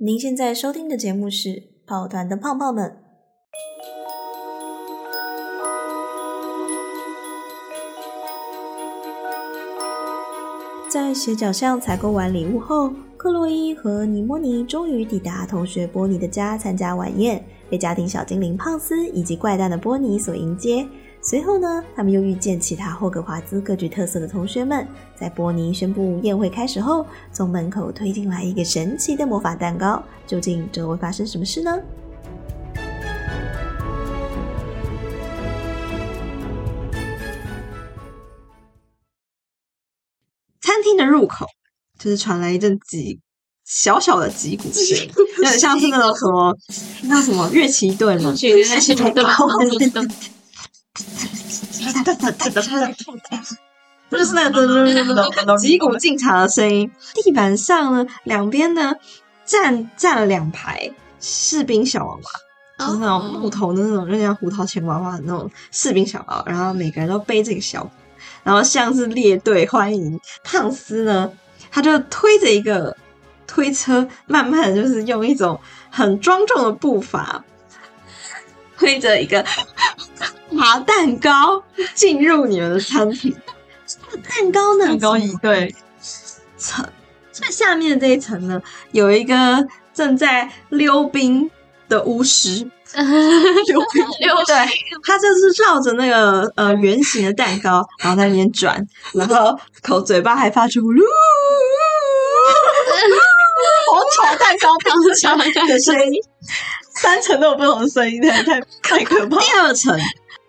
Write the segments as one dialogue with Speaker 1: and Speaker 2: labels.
Speaker 1: 您現在收聽的節目是《跑團的胖胖們》。在斜角巷採購完禮物後，克洛伊和尼莫尼終於抵達同學波妮的家參加晚宴，被家庭小精靈胖斯以及怪誕的波妮所迎接。隨後呢，他們又遇見其他霍格華茲各具特色的同學們。在波妮宣布宴會開始後，從門口推進來一個神奇的魔法蛋糕。究竟這會發生什麼事呢？ 餐廳的入口，就是傳來一陣幾小小的擊鼓聲，有 點像是那種什麼，那什麼樂器隊嘛，那些吹奏的東噠噠就是那個咚咚咚進場的聲音。音地板上呢，兩邊呢站站了兩排士兵小娃娃，就是那種木頭的那種，就、嗯、像胡桃鉗娃娃的那種士兵小娃娃。然後每個人都背這個小鼓，然後像是列隊歡迎。胖斯呢，他就推着一個推車，慢慢就是用一種很莊重的步伐推着一個。 拿蛋糕進入你們的餐廳，蛋糕呢？蛋糕一對層，最下面這一層呢，有一個正在溜冰的巫師、嗯，溜冰對，溜冰對，他就是繞着那個呃圓形的蛋糕，然後在那邊轉，然後口嘴巴還發出嚕嗚嗚嗚，好醜！蛋糕發出什麼樣的聲音？三層都有不同的聲音，太太太可怕。第二層。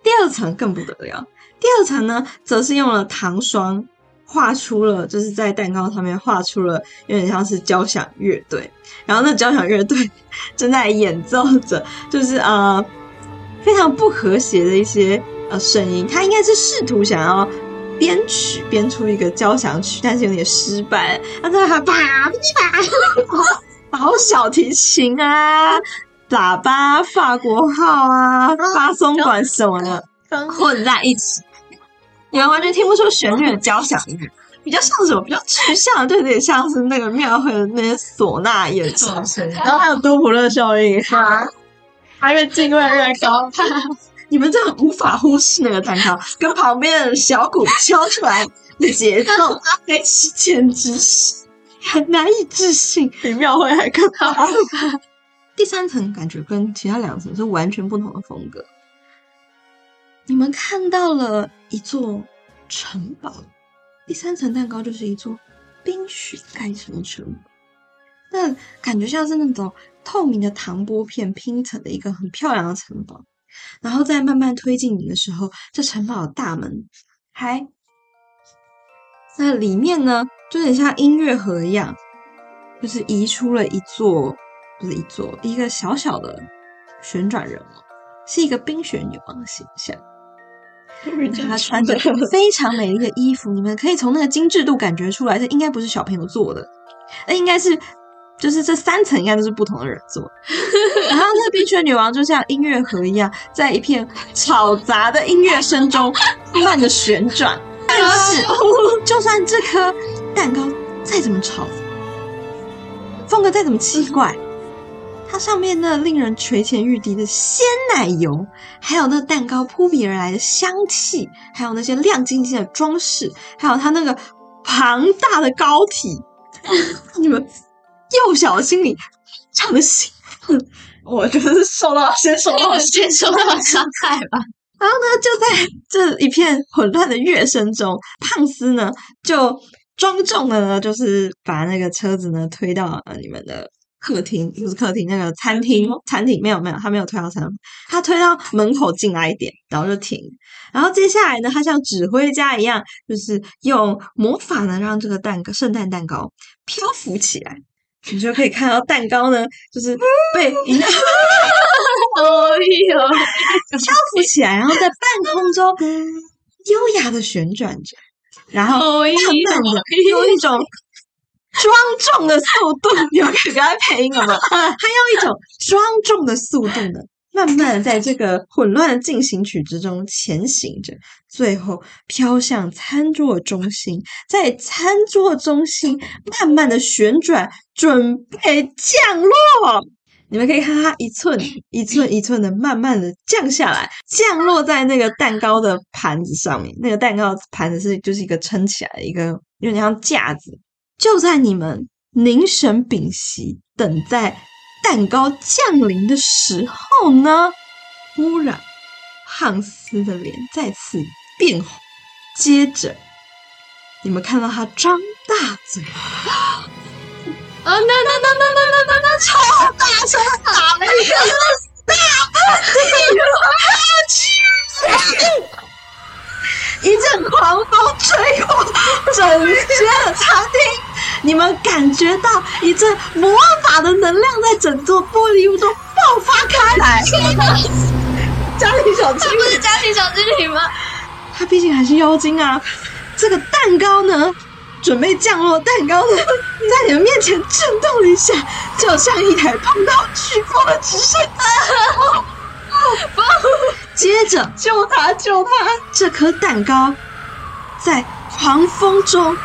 Speaker 1: 第二層更不得了，第二層呢，則是用了糖霜畫出了，就是在蛋糕上面畫出了有點像是交響樂隊，然後那交響樂隊正在演奏着，就是呃非常不和諧的一些呃聲音，他應該是試圖想要編曲編出一個交響曲，但是有點失敗，他在還啪噼啪，啪，啪， 好小提琴啊！喇叭、法國號啊、巴松管什麼的混在一起，你們完全聽不出旋律的交響樂，比較像什麼？比較趨象，就有點像是那個廟會的那些嗩吶演奏，然後還有多普勒效應，啊、還的哈，它越近音越高。你們真的無法忽視那個蛋糕跟旁邊小鼓敲出來的節奏，啊啊、一起，簡直是難以置信，比廟會還更好第三層感覺跟其他兩層是完全不同的風格。你們看到了一座城堡，第三層蛋糕就是一座冰雪蓋成的城堡，那感覺像是那種透明的糖玻片拼成的一個很漂亮的城堡。然後再慢慢推進你的時候，這城堡的大門開，那裡面呢，就有點像音樂盒一樣，就是移出了一座。不是一座一個小小的旋轉人偶，是一個冰雪女王的形象。她穿着非常美麗的衣服，你們可以從那個精緻度感覺出來，這應該不是小朋友做的，那應該是就是這三層應該都是不同的人做的。 然後那個冰雪女王就像音樂盒一樣，在一片嘈雜的音樂聲中 慢的旋轉。但是， 就算這顆蛋糕再怎麼吵，風格再怎麼奇怪。 它上面那令人垂涎欲滴的鮮奶油，還有那蛋糕撲鼻而來的香氣，還有那些亮晶晶的裝飾，還有它那個龐大的糕體， 你們幼小的心裡唱，唱的心，我就是受到了受受到先受傷害吧。了了 然後呢，就在這一片混亂的樂聲中，胖斯呢就莊重的呢就是把那個車子呢推到了你們的。客廳就是客廳，那個餐廳，餐廳沒有沒有，他沒有推到餐廳，他推到門口進來一點，然後就停。然後接下來呢，他像指揮家一樣，就是用魔法呢，讓這個蛋糕、聖誕蛋糕漂浮起來，你就可以看到蛋糕呢，就是被哈哈哈哈漂浮起來，然後在半空中嗯、優雅的旋轉着，然後慢慢的有一種。莊重的速度，有有給他配音嗎？他 用一種莊重的速度呢，慢慢的在這個混亂的進行曲之中前行着，最後飄向餐桌中心，在餐桌中心慢慢的旋轉，準備降落。你們可以看它一寸一寸一寸的慢慢的降下來，降落在那個蛋糕的盤子上面。那個蛋糕盤子是就是一個撐起來的一個，有點像架子。就在你們凝神屏息、等在蛋糕降臨的時候呢，突然，漢斯的臉再次變紅，接着，你們看到他張大嘴，啊！那那那那那那那超大聲打了一個大噴嚏，我啊，一陣狂風吹過。你們感覺到一陣魔法的能量在整座玻璃屋中爆發開來。家 庭 小精靈， 不是家庭小精靈嗎？他畢竟還是妖精啊。這個蛋糕呢，準備降落。蛋糕的 在你們面前震動了一下，就像一台碰到颶風的直升機。 接着 救他，救他！這顆蛋糕在狂風中。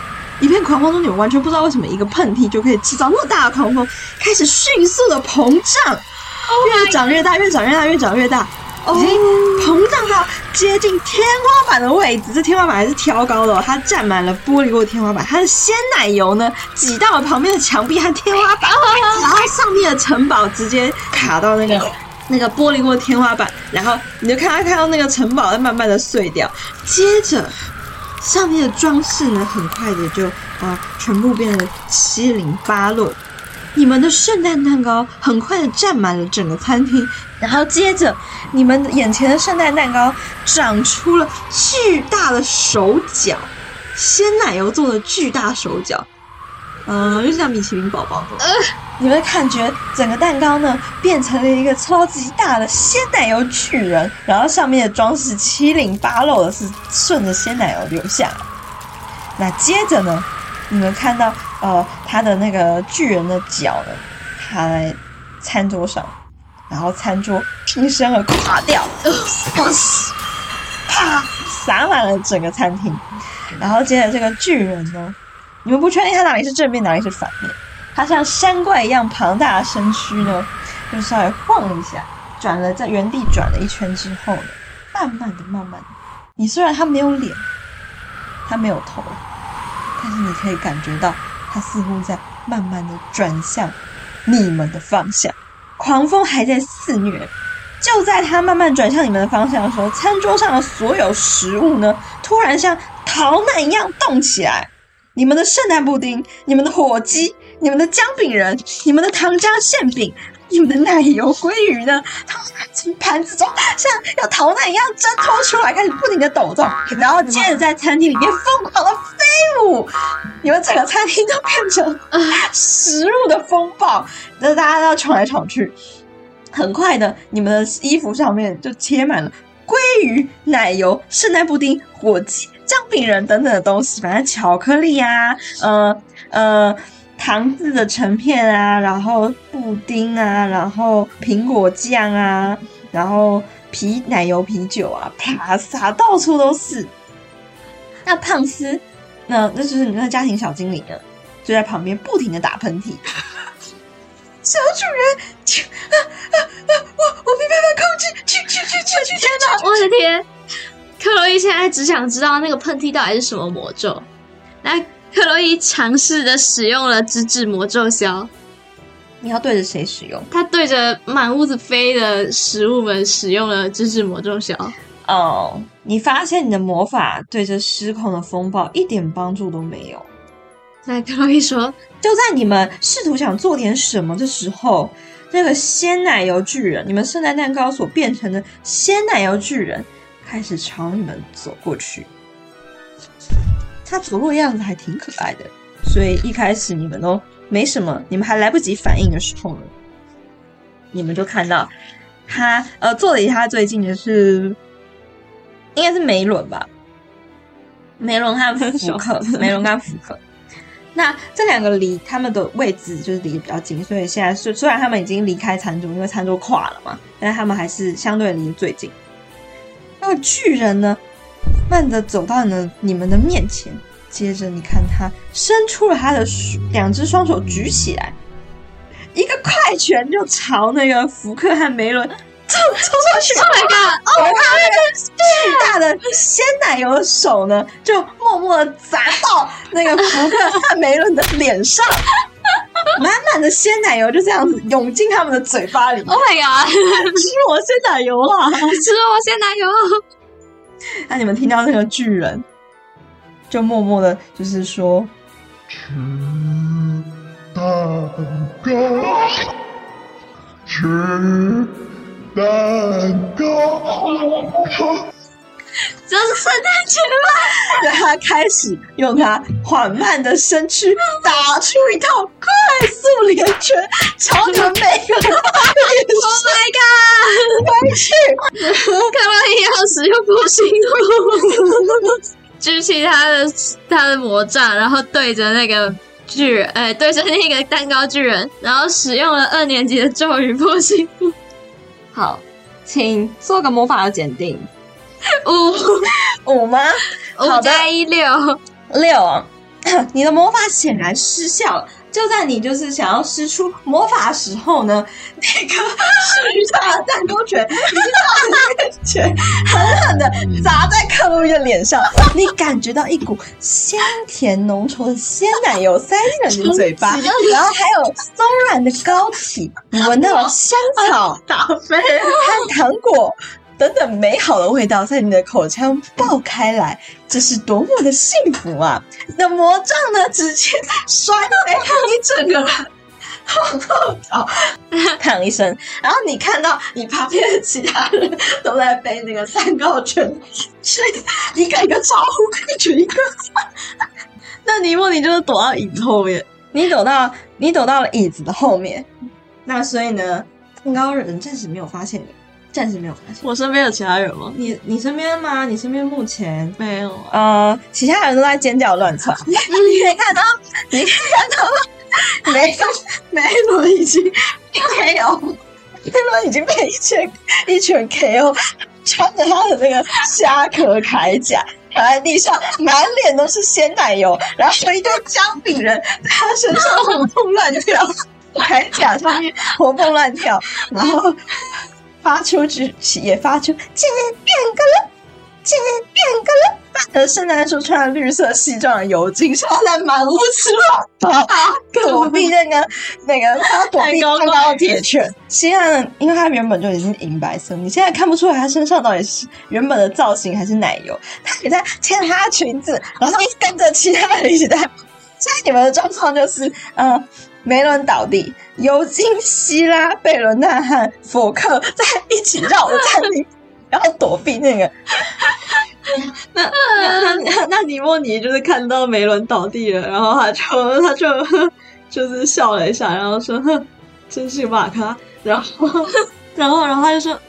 Speaker 1: 一片狂風中，你們完全不知道為什麼一個噴嚏就可以制造那麼大的狂風，開始迅速的膨脹，oh、越長越大，越長越大，越長越大，已、oh, hey. 膨脹到接近天花板的位置。這天花板還是挑高的，哦，它占滿了玻璃屋的天花板。它的鮮奶油呢，擠到了旁邊的牆壁和天花板，oh、然後上面的城堡直接卡到那個、hey. 那個玻璃屋的天花板，然後你就看它看到那個城堡在慢慢的碎掉，接着。上面的裝飾呢，很快的就啊、呃，全部變得七零八落。你們的聖誕蛋糕很快的占滿了整個餐廳，然後接着你們眼前的聖誕蛋糕長出了巨大的手腳，鮮奶油做的巨大手腳，嗯、呃，就像米其林寶寶的。呃你們感覺整個蛋糕呢，變成了一個超級大的鮮奶油巨人，然後上面的裝飾七零八落的是順着鮮奶油流下來。那接着呢，你們看到呃它，的那個巨人的腳呢，趴在餐桌上，然後餐桌應聲而垮掉，呃呃，啪，灑滿了整個餐廳。然後接着這個巨人呢，你們不確定它哪裡是正面，哪裡是反面。它像山怪一樣龐大的身軀呢，就稍微晃了一下，轉了在原地轉了一圈之後呢，慢慢的、慢慢的，你雖然它沒有臉，它沒有頭，但是你可以感覺到它似乎在慢慢的轉向你們的方向。狂風還在肆虐，就在它慢慢轉向你們的方向的時候，餐桌上的所有食物呢，突然像逃難一樣動起來，你們的聖誕布丁，你們的火雞。你們的薑餅人、你們的糖漿餡餅、你們的奶油鮭魚呢，它從盤子中像要逃難一樣掙脫出來，開始不停的抖動，然後接着在餐廳裡面瘋狂的飛舞。你們整個餐廳都變成食物的風暴，那、呃、大家要闖來闖去，很快的，你們的衣服上面就貼滿了鮭魚、奶油、聖誕布丁、火雞、薑餅人等等的東西，反正巧克力呀、啊，嗯、呃、嗯。呃糖漬的成片啊，然後布丁啊，然後蘋果醬啊，然後啤奶油啤酒啊，啪撒、啊、到處都是。那胖斯，那、呃、那就是你那家庭小精靈了，就在旁邊不停的打噴嚏。 小主人，啊啊啊！我我沒辦法控制，去去去去去！天哪，我的天！克洛伊現在只想知道那個噴嚏到底是什麼魔咒。來。克洛伊嘗試着使用了止止，魔咒消，你要對着誰使用？他對着滿屋子飛的食物們使用了止止，魔咒消。哦，oh，你發現你的魔法對着失控的風暴一點幫助都沒有。那克洛伊說：“就在你們試圖想做點什麼的時候，那個鮮奶油巨人——你們聖誕蛋糕所變成的鮮奶油巨人——開始朝你們走過去。”他走路的樣子還挺可愛的，所以一開始你們都沒什麼，你們還來不及反應的時候呢，你們就看到他呃坐離他最近的、就是，應該是梅倫吧，梅倫和福克， 梅倫和福克， 那這兩個離他們的位置就是離比較近，所以現在雖雖然他們已經離開餐桌，因為餐桌垮了嘛，但他們還是相對離最近。那個巨人呢，慢地走到你的,你們的面前，接着你看他伸出了他的兩只雙手舉起來，一個快拳就朝那個福克漢梅倫衝衝過去。Oh my god！我看到一個巨大的鮮奶油的手呢，就默默的砸到
Speaker 2: 那個福克
Speaker 1: 漢梅倫的臉上， 滿滿的鮮奶油就這樣子湧進他們的嘴巴裡。Oh my god！吃我鮮奶油了！吃我鮮奶油！那、啊、你們聽到那個巨人，就默默的，就是說，吃蛋糕，吃蛋糕。好。這是聖誕節嗎？然後他開始用他緩慢的身軀打出一套快速連拳，超級美 Oh my god！我去！看到他要使用破心術，舉 起他的他的魔杖，然後對着那個巨人，哎，對着那個蛋糕巨人，然後使用了二年級的咒語破心術。好，請做個魔法的檢定。五五嗎五？好的，一六六。你的魔法顯然失效了，就在你就是想要施出魔法的時候呢，那個巨一 的蛋糕卷狠狠的砸在克洛伊的臉上。 你感覺到一股香甜濃稠的鮮奶油塞進了你的嘴巴，然後還有鬆軟的糕體、啊，聞到香草、啊、太妃還有糖果。等等，美好的味道在你的口腔爆開來，這是多麽的幸福啊！那魔杖呢？直接摔了，你整個人往後啊躺一身。然後你看到你旁邊的其他人都在背那個三高拳，所以你個一個招呼，一個。 那尼莫尼，你就是躲到椅子後面，你躲到你躲到了椅子的後面，那所以呢，三高人暫時沒有發現你。暫時沒有關係。我身邊有其他人嗎？你你身邊嗎？你身邊目前沒有、呃。其他人都在尖叫亂竄。 你看到了？你看到了？沒有，梅倫已經 KO。梅倫已經被一群一群 KO，穿着他的那個蝦殼鎧甲躺在地上，滿臉都是鮮奶油，然後一堆薑餅人在他身上活蹦亂跳，鎧甲上面活蹦亂跳，然後。發出去也發出切變格了，切變格了。呃，聖誕樹穿着綠色西裝的尤金，像他在滿屋子跑，不必那個那個他躲避、啊、個躲避了到個鐵圈。現在，因為他原本就已經銀白色，你現在看不出來他身上到底是原本的造型還是奶油。他也在牽着他的裙子，然後跟着其他人一起在。現在你們的狀況就是，嗯、呃。梅倫倒地，尤金、希拉、貝倫娜和佛克在一起繞着站立， 然後躲避那個。那那那那，尼莫尼就是看到梅倫倒地了，然後他就他就 就是笑了一下，然後說：“ 真是把他。”然後 然後然後，然後他就說：“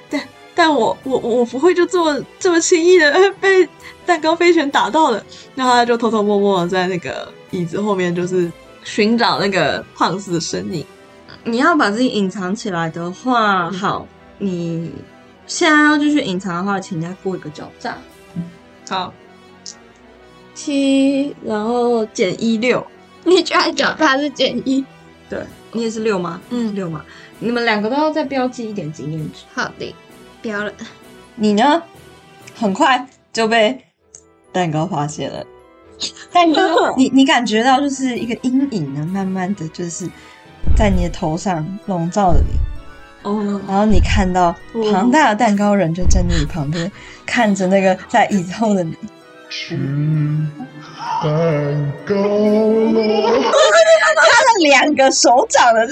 Speaker 1: 對，但我我我不會就這麼這麼輕易的被蛋糕飛拳打到的。 ”然後他就偷偷摸摸在那個椅子後面，就是。尋找那個胖子的身影。你要把自己隱藏起來的話，好。你現在要繼續隱藏的話，請再過一個狡詐，嗯。好，七，然後減一六。你居然狡詐是減一？對，你也是六嗎？嗯，六嗎？你們兩個都要再標記一點經驗值。好的，標了。你呢？很快就被蛋糕發現了。蛋糕，你你感覺到就是一個陰影呢、啊，慢慢的就是在你的頭上籠罩着你，oh. 然後你看到龐大的蛋糕人就站在你旁邊，看着那個在以後的你，吃蛋糕，他的兩個手掌的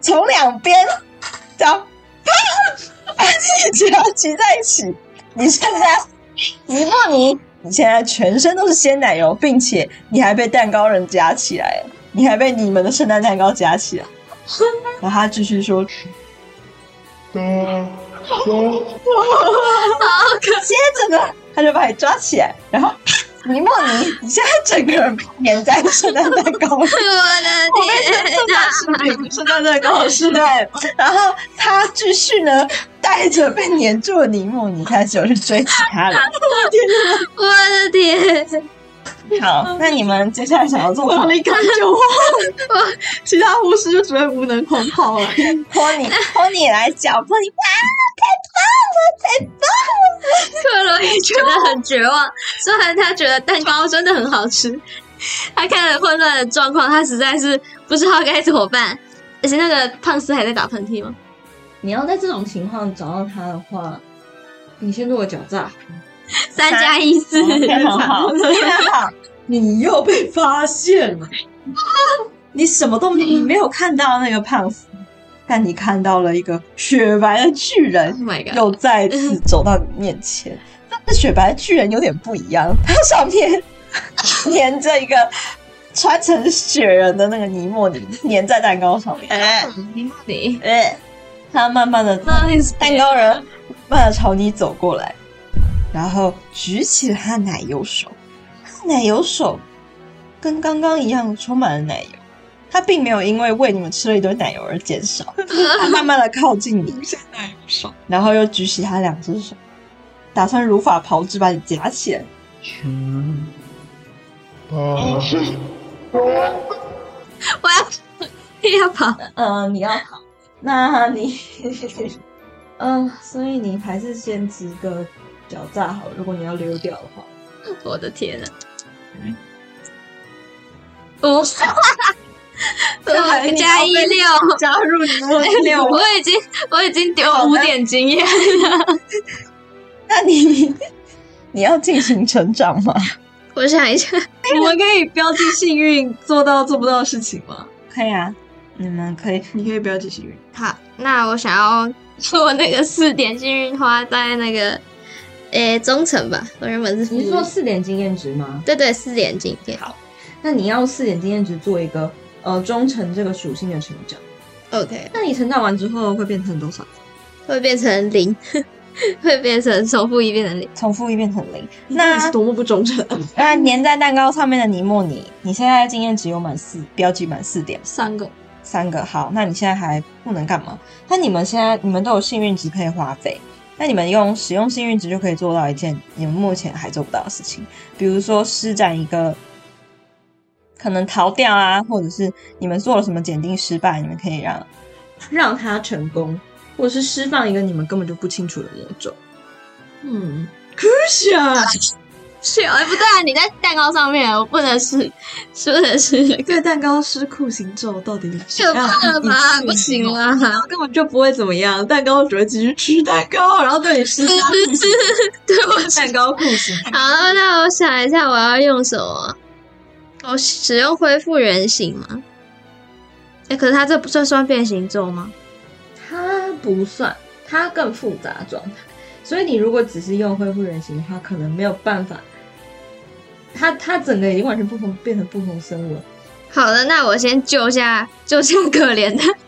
Speaker 1: 從兩邊將，你只要擠在一起，你現在你不你。你現在全身都是鮮奶油，並且你還被蛋糕人夾起來了，你還被你們的聖誕蛋糕夾起來。 然後他繼續說：“啊，好，接着呢，他就把你抓起來，然後。”尼莫尼，你現在整個人粘在聖誕蛋糕上。我的天！聖誕聖誕蛋糕，是對，然後他繼續呢，帶着被黏住的尼莫尼開始去追其他人了。我的天、啊！我的天、啊！好，那你們接下來想要做什麼？你敢救我，、啊我啊？其他巫師就只會無能狂跑了。托尼、啊，托尼來，腳托尼。啊太棒，太，棒太棒了！克洛伊覺得很絕望，雖然他覺得蛋糕真的很好吃。他看了混亂的狀況，他實在是不知道該怎麼辦。而且那個胖斯還在打噴嚏嗎？你要在這種情況找到他的話，你先做個狡詐。三加一四。一四哦、 你又被發現了。你什麼都你沒有看到那個胖斯。但你看到了一個雪白的巨人，Oh my God！又再次走到你面前。Oh、 那雪白的巨人有點不一樣，它上面粘着 一個穿成雪人的那個尼莫尼，粘在蛋糕上面。尼莫尼，哎、 欸，他慢慢的，那他是蛋糕人，慢慢的朝你走過來，然後舉起了他奶油手，奶油手跟剛剛一樣，充滿了奶油。他並沒有因為餵你們吃了一堆奶油而減少，他慢慢的靠近你，然後又舉起他兩隻手，打算如法炮製把你夾起來。嗯，我要要跑，你要跑，呃、你要跑 那你，嗯、 呃，所以你還是先吃個狡詐好，如果你要溜掉的話， 我的天哪！嗯，不 我加一六，加入你的，我我已經我已經丟了五點經驗了。那你你，你要進行成長嗎？我想一下，我們可以標記幸運做到做不到的事情嗎？可以啊，你們可以，你可以標記幸運。好，那我想要做那個四點幸運花，在那個呃、欸、中層吧。我原本是你說四點經驗值嗎？對，對對，四點經驗。好，那你要四點經驗值做一個。呃，忠誠這個屬性的成長。OK，那你成長完之後會變成多少？會變成零， 會變成重複一遍成零，重複一遍成零。那你是多麼不忠誠！粘 在蛋糕上面的尼莫尼，你現在經驗值有滿四，標記滿四點，三個，三個。好，那你現在還不能幹嘛？那你們現在你們都有幸運值可以花費，那你們用使用幸運值就可以做到一件你們目前還做不到的事情，比如說施展一個。可能逃掉啊，或者是你們做了什麼檢定失敗，你們可以讓讓他成功，或者是釋放一個你們根本就不清楚的魔咒嗯，可惜啊，哎不,不對啊，你在蛋糕上面，我不能吃，不是？吃。對，蛋糕施酷刑咒到底怎麼法不行了，然後根本就不會怎麼樣，蛋糕只會繼續吃蛋糕，然後對你施加 對我蛋糕酷刑。好，那我想一下，我要用什麼？我、哦、使用恢復原形嗎？哎、欸，可是他這不算算變形咒嗎？他不算，他更複雜狀態。所以你如果只是用恢復原形的話，可能沒有辦法。他它，它整個已經完全不同，變成不同生物了。好的，那我先救下救下可憐的呵呵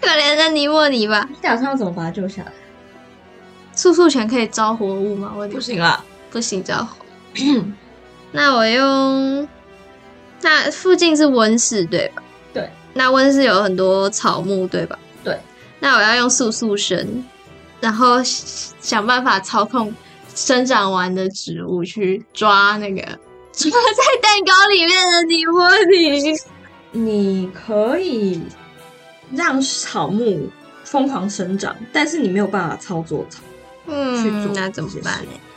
Speaker 1: 可憐的尼莫尼吧。你打算要怎麼把它救下來？速速前可以招活物嗎？不行了，不行招、啊、活。 那我用。那附近是溫室，對吧？對。那溫室有很多草木，對吧？對。那我要用速速生，然後想辦法操控生長完的植物去抓那個抓 在蛋糕裡面的尼莫尼。你可以讓草木瘋狂生長，但是你沒有辦法操作它。嗯，去做，那怎麼辦呢？謝謝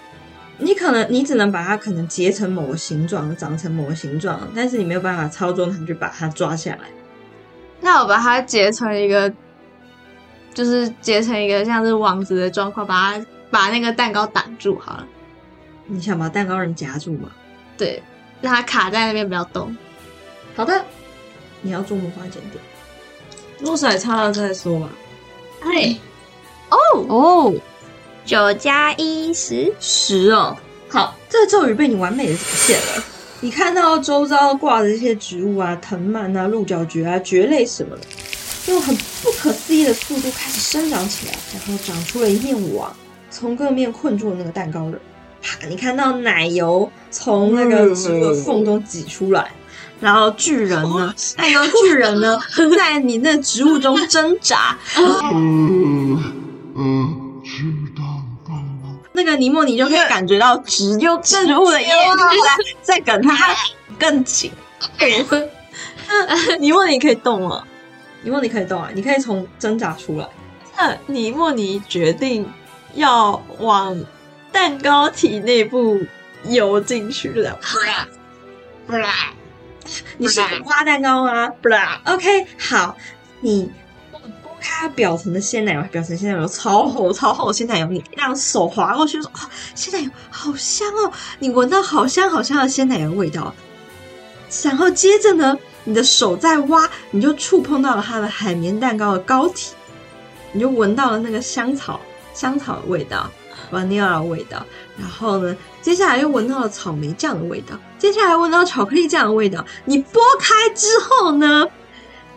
Speaker 1: 你可能你只能把它可能結成某個形狀，長成某個形狀，但是你沒有辦法操作它去把它抓下來。那我把它結成一個，就是結成一個像是網子的狀況，把它把那個蛋糕擋住好了。你想把蛋糕人夾住嗎？對，讓它卡在那邊不要動。好的，你要做魔法檢定，落水擦了再說吧。哎，哦哦。九加一，十。十哦，好，這個咒語被你完美的展現了。你看到周遭掛的這些植物啊、藤蔓啊、鹿角蕨啊、蕨類什麼的，用很不可思議的速度開始生長起來，然後長出了一面網，從各面困住了那個蛋糕的。啪、啊！你看到奶油從那個植物縫中擠出來，嗯嗯、然後巨人呢？哎呦，巨人呢， 在你那植物中掙扎。嗯嗯那尼莫尼就可以感覺到植物植物的葉子在在感它更緊。 那尼莫尼可以動了、啊，尼莫尼可以動啊！你可以從掙扎出來。那尼莫尼決定要往蛋糕體內部游進去了。 你是花蛋糕嗎 ？OK，好，你。它表層的鮮奶油，表層鮮奶油超厚，超厚、超厚的鮮奶油，你讓手滑過去，說哇，鮮奶油好香哦！你聞到好香好香的鮮奶油味道。然後接着呢，你的手在挖，你就觸碰到了它的海綿蛋糕的膏體，你就聞到了那個香草、香草的味道、vanilla 的味道。然後呢，接下來又聞到了草莓醬的味道，接下來聞到巧克力醬的味道。你剝開之後呢？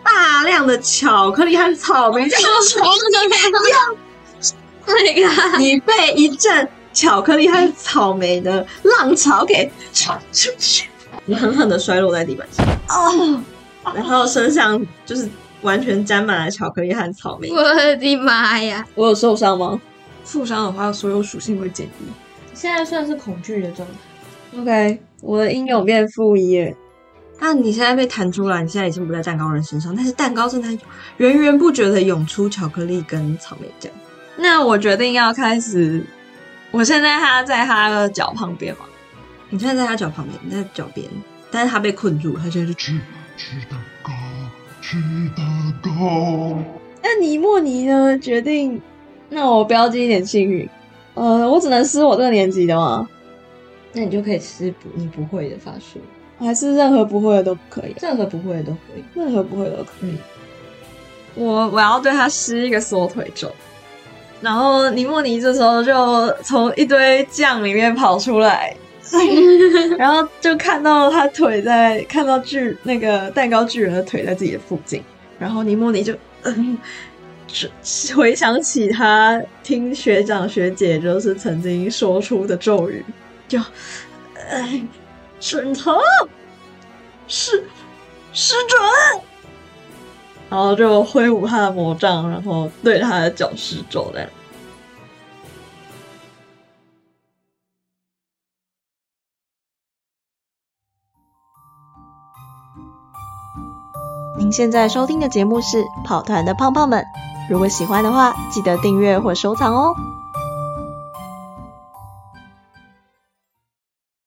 Speaker 1: 大量的巧克力和草莓,草莓，這、哦、樣，你被一陣巧克力和草莓的浪潮給衝出去，你狠狠的摔落在地板上，然後身上就是完全沾滿了巧克力和草莓，我的媽呀，我有受傷嗎？負傷的話，所有屬性會減低。現在算是恐懼的狀態，OK，我的英勇變負一那、啊、你現在被彈出來，你現在已經不在蛋糕人身上，但是蛋糕正在源源不絕的湧出巧克力跟草莓醬。那我決定要開始。我現在他在他的腳旁邊嘛，你現在在他腳旁邊，你在腳邊，但是他被困住了，他現在就吃吃蛋糕，吃蛋糕。那尼莫尼呢？決定？那我標記一點幸運。呃，我只能施我這個年紀的嗎？那你就可以施，不你不會的法術。還是任何不會的都可以啊，任何不會的都可以，任何不會的都可以，任何不會的都可以。我我要對他施一個縮腿咒，然後尼莫尼這時候就從一堆醬裡面跑出來， 然後就看到他腿在，看到巨那個蛋糕巨人的腿在自己的附近，然後尼莫尼就嗯，回想起他聽學長學姐就是曾經說出的咒語，就哎。唉沈騰，是，是準，然後就揮舞他的魔杖，然後對他的腳施咒的。您現在收聽的節目是《跑團的胖胖們》，如果喜歡的話，記得訂閱或收藏哦。